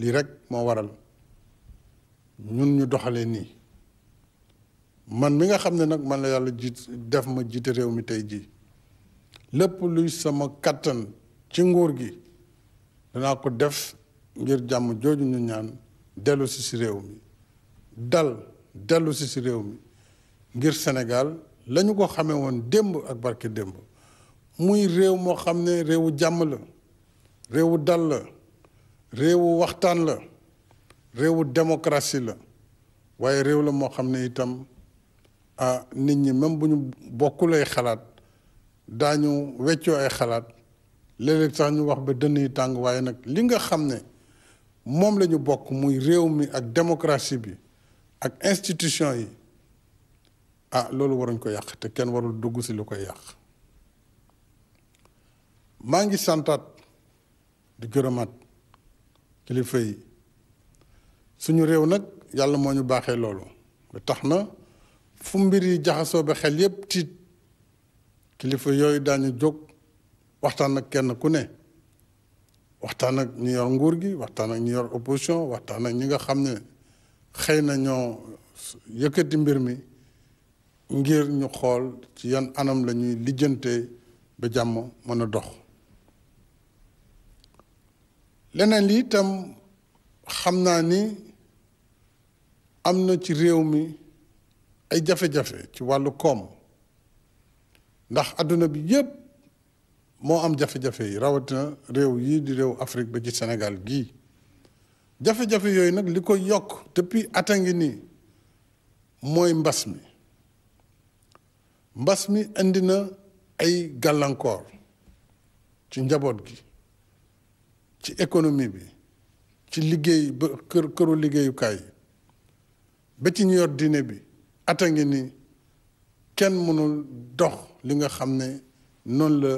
lii rek moo waral ñun ñu doxalee nii man mi nga xam ne nag man la yàlla jiit def ma jiite réew mi tey jii lépp luy sama kàttan ci nguur gi danaa ko def ngir jàmm jooju ñu ñaan dellu si si réew mi dal dellu si si réew mi ngir Sénégal lañu ko xamee woon démb ak barke démb muy réew moo xam ne réewu jàmm la réewu dal la réewu waxtaan la réewu démocratie la waaye réew la moo xam ne itam a nit ñi même bu ñu bokkulay xalaat daañu weccoo ay xalaat léeg-léeg sax ñu wax ba dënn yi tàng waaye nag li nga xam ne moom lañu bokk muy réew mi ak démocratie bi ak institution yi ah loolu waruñ ko yàq te kenn warul dugg si lu koy yàq maa ngi santaat di gërëmaat kilifa yi suñu réew nag yàlla moo ñu baaxee loolu ba tax na fu mbir yi jaxasoo ba xel yépp tiit kilifa yooyu daañu jóg waxtaan ak kenn ku ne waxtaan ak ñu yor nguur gi waxtaan ak ñu yor opposition waxtaan ak ñi nga xam ne xëy na ñoo yëkkati mbir mi ngir ñu xool ci yan anam la ñuy lijjante ba jàmm mën a dox leneen li tam xam naa ni am na ci réew mi ay jafe-jafe ci wàllu koom ndax àdduna bi yépp moo am jafe-jafe yi rawatina réew yii di réew Afrique bi ci Sénégal gii jafe-jafe yooyu nag li ko yokk depuis a ngi nii mooy mbas mi mbas mi indi na ay gàllankoor ci njaboot gi ci économie bi ci liggéey ba kër këru liggéeyukaay yi ba ci ñu yor diine bi ata ngi ni kenn mënul dox li nga xam ne noonu la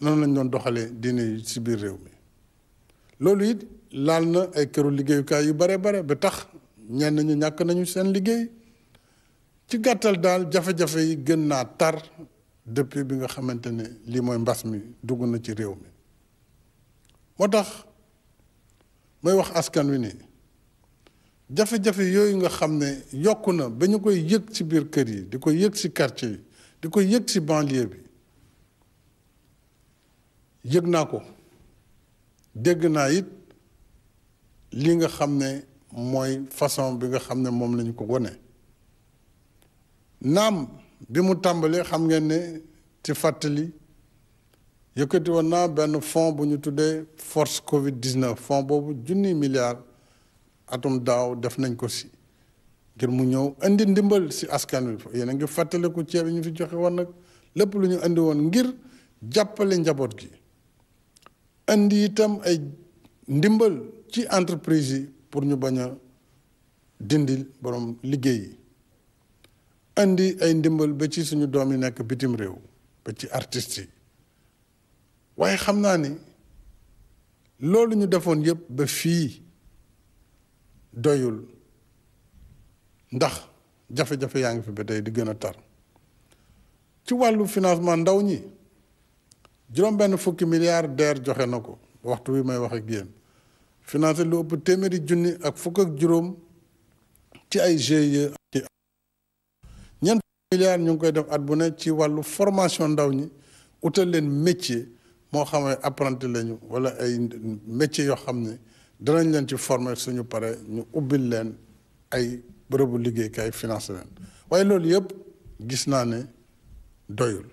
noonu lañ doon doxalee diine yi ci biir réew mi loolu it laal na ay këru liggéeyukaay yu bare bare ba tax ñenn ñu ñàkk nañu seen liggéey ci gàttal daal jafe-jafe yi gën naa tar depuis bi nga xamante ne lii mooy mbas mi dugg na ci réew mi moo tax may wax askan wi ni jafe-jafe yooyu nga xam ne yokk na ba ñu koy yëg ci biir kër yi di ko yëg ci quartier yi di ko yëg ci banlieue bi yëg naa ko dégg naa it li nga xam ne mooy façon bi nga xam ne moom lañu ko wone naam bi mu tàmbalee xam ngeen ne ci fàttali yëkkati woon naa benn fond bu ñu tuddee force Covid 19 fonds boobu junni milliards atum daaw def nañ ko si ngir mu ñëw indi ndimbal si askan wi yéen a ngi fàttaliku ceeb yi ñu fi joxe woon nag lépp lu ñu indi woon ngir jàppale njaboot gi indi itam ay ndimbal ci entreprise yi pour ñu bañ a dindi borom liggéey yi indi ay ndimbal ba ci suñu doom yi nekk bitim réew ba ci artistes yi. waaye xam naa ni loolu ñu defoon yépp ba fii doyul ndax jafe-jafe yaa ngi fi ba tey di gën a tar ci wàllu financement ndaw ñi juróom-benn fukki milliards DER joxe na ko waxtu wi may waxe ak yéen financé lu ëpp téeméeri junni ak fukk juróom ci ay GIE ci ñeent milliards ñu ngi koy def at bu ne ci wàllu formation ndaw ñi utal leen métier moo xam ne apprenti lañu wala ay métiers yoo xam ne danañ leen ci former suñu pare ñu ubbil leen ay bu liggéey financé leen waaye loolu yëpp gis naa ne doyul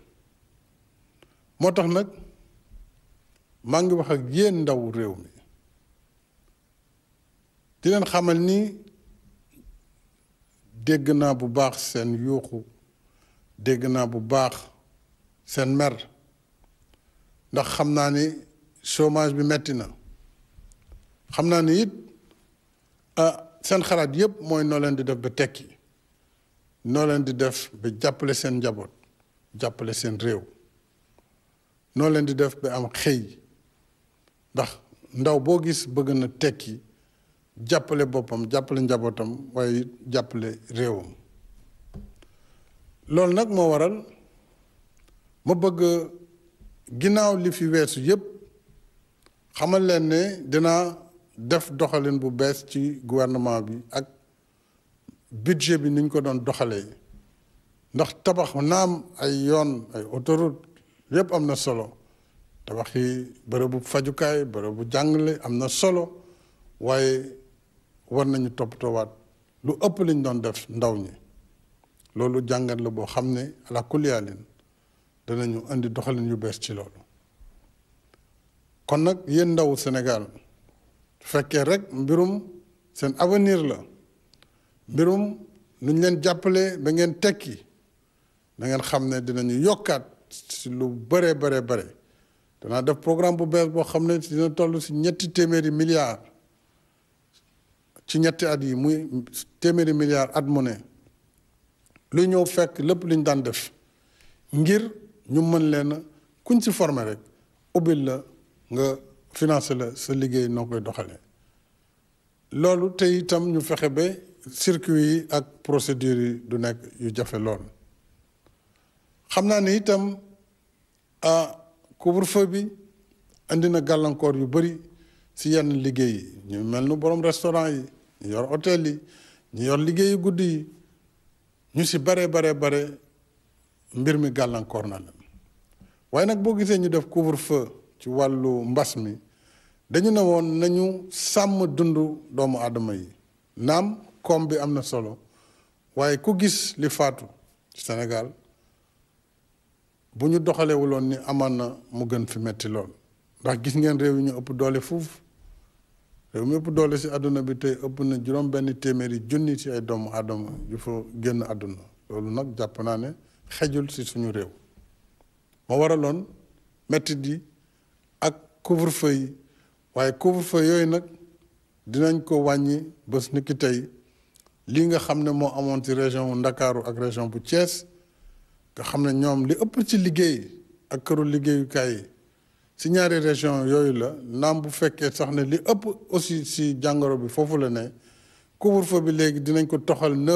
moo tax nag maa ngi wax ak yéen ndaw réew mi di leen xamal ni dégg naa bu baax seen yuuxu dégg naa bu baax seen mer ndax xam naa ni chômage bi metti na xam naa ni it ah seen xalaat yépp mooy noo leen di def ba tekki noo leen di def ba jàppale seen njaboot jàppale seen réew noo leen di def ba am xëy ndax ndaw boo gis bëgg na tekki jàppale boppam jàppale njabootam waaye jàppale réewam loolu nag moo waral ma bëgg ginnaaw li fi weesu yépp xamal leen ne dinaa def doxalin bu bees ci gouvernement bi ak budget bi niñ ko doon doxalee ndax tabax naam ay yoon ay autoroute yépp am na solo tabax yi fajukaay fajukaay bërëbu jàngale am na solo waaye war nañu toppatoowaat lu ëpp liñ doon def ndaw ñi loolu jàngat la boo xam ne ala kuliyaalin danañu indi doxalin yu bees ci loolu kon nag yéen ndaw Sénégal fekkee rek mbirum seen avenir la mbirum nu leen jàppale ba ngeen tekki da ngeen xam ne dinañu yokkaat si lu bare bare bare danaa def programme bu bees boo xam ne dina toll si ñetti téeméeri milliards ci ñetti at yi muy téeméeri milliards at mu ne luy ñëw fekk lépp luñ daan def ngir ñu mën leen kuñ si former rek ubbil la nga financer la sa liggéey noo koy doxalee loolu te itam ñu fexe ba circuit yi ak procédure yi du nekk yu jafe lool xam naa ni itam ah couvre bi indi na gàllankoor yu bari si yenn liggéey yi ñu mel nu boroom restaurant yi ñu yor hôtel yi ñu yor liggéeyu guddi yi ñu si bare bare bare mbir mi gàllankoor na leen waaye nag boo gisee ñu def couvre-feu ci wàllu mbas mi dañu ne woon nañu sàmm dundu doomu aadama yi naam koom bi am na solo waaye ku gis li faatu senegal Sénégal bu ñu doxalewuloon ni amaan na mu gën fi metti lool ndax gis ngeen réew yi ñu ëpp doole fuuf réew mi ëpp doole si àdduna bi te ëpp na juróom benn téeméeri junni ci ay doomu aadama yu fa génn àdduna loolu nag jàpp naa ne xejul si suñu réew moo waraloon mettit yi ak couvre-feu yi waaye couvre-feu yooyu nag dinañ ko wàññi bés ni tey lii nga xam ne moo amoon ci région Ndakaaru ak région bu Thiès nga xam ne ñoom li ëpp ci liggéey ak këru liggéeyukaay yi si ñaari région yooyu la naam bu fekkee sax ne li ëpp aussi si jàngoro bi foofu la ne couvre-feu bi léegi dinañ ko toxal